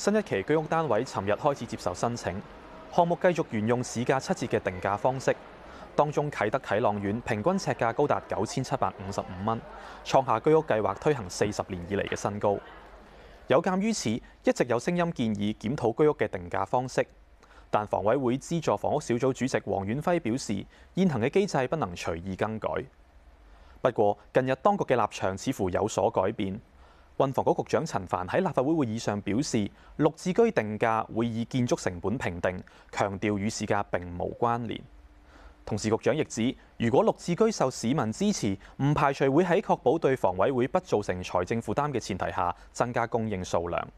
新一期居屋單位尋日開始接受申請，項目繼續沿用市價七折嘅定價方式，當中啟德啟朗苑平均尺價高達九千七百五十五蚊，創下居屋計劃推行四十年以嚟嘅新高。有鑑於此，一直有聲音建議檢討居屋嘅定價方式，但房委會資助房屋小組主席黃遠輝表示，現行嘅機制不能隨意更改。不過，近日當局嘅立場似乎有所改變。運房局局長陳帆喺立法會會議上表示，綠置居定價會以建築成本評定，強調與市價並無關聯。同時，局長亦指，如果綠置居受市民支持，唔排除會喺確保對房委會不造成財政負擔嘅前提下，增加供應數量。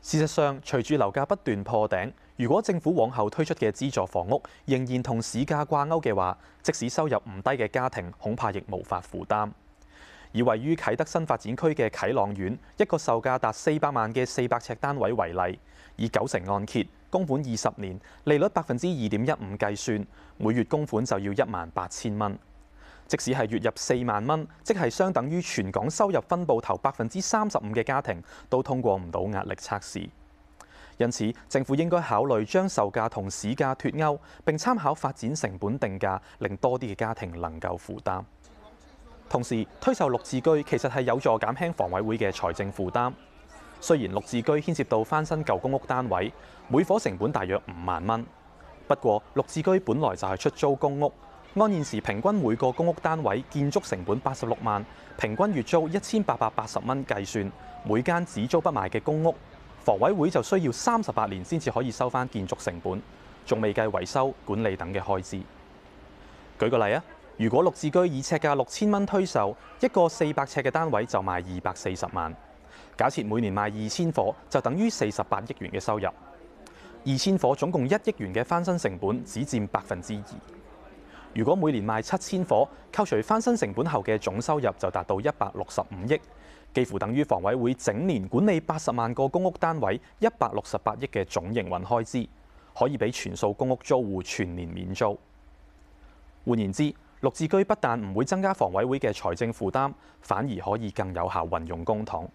事實上，隨住樓價不斷破頂，如果政府往後推出嘅資助房屋仍然同市價掛鈎嘅話，即使收入唔低嘅家庭，恐怕亦無法負擔。以位於啟德新發展區嘅啟朗苑一個售價達四百萬嘅四百尺單位為例，以九成按揭、供款二十年、利率百分之二點一五計算，每月供款就要一萬八千蚊。即使係月入四萬蚊，即係相等於全港收入分佈頭百分之三十五嘅家庭都通過唔到壓力測試。因此，政府應該考慮將售價同市價脫鈎，並參考發展成本定價，令多啲嘅家庭能夠負擔。同時推售綠置居其實係有助減輕房委會嘅財政負擔。雖然綠置居牽涉到翻新舊公屋單位，每伙成本大約五萬蚊。不過，綠置居本來就係出租公屋，按現時平均每個公屋單位建築成本八十六萬，平均月租一千八百八十蚊計算，每間只租不賣嘅公屋，房委會就需要三十八年先至可以收返建築成本，仲未計維修管理等嘅開支。舉個例啊！如果綠置居以尺價六千蚊推售一個四百尺嘅單位，就賣二百四十萬，假設每年賣二千伙，就等於四十八億元嘅收入。二千伙總共一億元嘅翻新成本只佔百分之二。如果每年賣七千伙，扣除翻新成本後嘅總收入就達到一百六十五億，幾乎等於房委會整年管理八十萬個公屋單位一百六十八億嘅總營運開支，可以俾全數公屋租戶全年免租。換言之，綠置居不但唔會增加房委會嘅財政負擔，反而可以更有效運用公帑。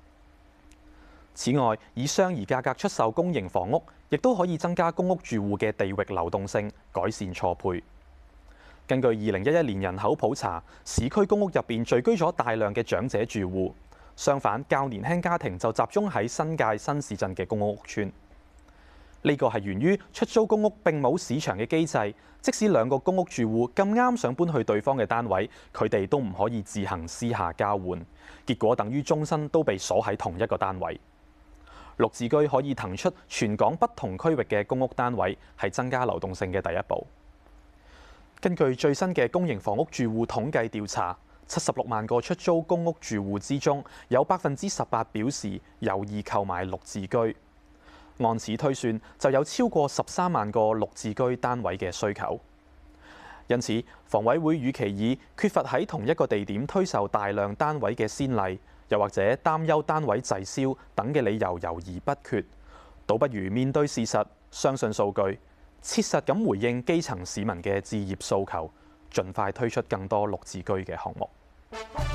此外，以相宜價格出售公營房屋，亦都可以增加公屋住戶嘅地域流動性，改善錯配。根據二零一一年人口普查，市區公屋入邊聚居咗大量嘅長者住戶，相反較年輕家庭就集中喺新界新市鎮嘅公屋屋村。呢個係源於出租公屋並冇市場嘅機制，即使兩個公屋住戶咁啱想搬去對方嘅單位，佢哋都唔可以自行私下交換，結果等於終身都被鎖喺同一個單位。綠置居可以騰出全港不同區域嘅公屋單位，係增加流動性嘅第一步。根據最新嘅公營房屋住戶統計調查，七十六萬個出租公屋住戶之中，有百分之十八表示有意購買綠置居。按此推算，就有超過十三萬個綠置居單位嘅需求。因此，房委會與其以缺乏喺同一個地點推售大量單位嘅先例，又或者擔憂單位滯銷等嘅理由猶豫不決，倒不如面對事實，相信數據，切實咁回應基層市民嘅置業訴求，盡快推出更多綠置居嘅項目。